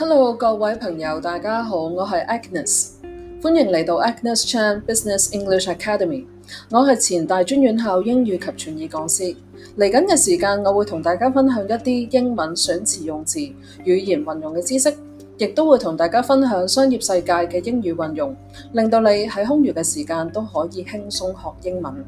Hello，各位朋友，大家好，我係 Agnes，歡迎嚟到 Agnes Chan Business English Academy。我係前大專院校英語及傳意講師，嚟緊嘅時間我會同大家分享一啲英文選詞用字、語言運用嘅知識，亦都會同大家分享商業世界嘅英語運用，令到你喺空餘嘅時間都可以輕鬆學英文。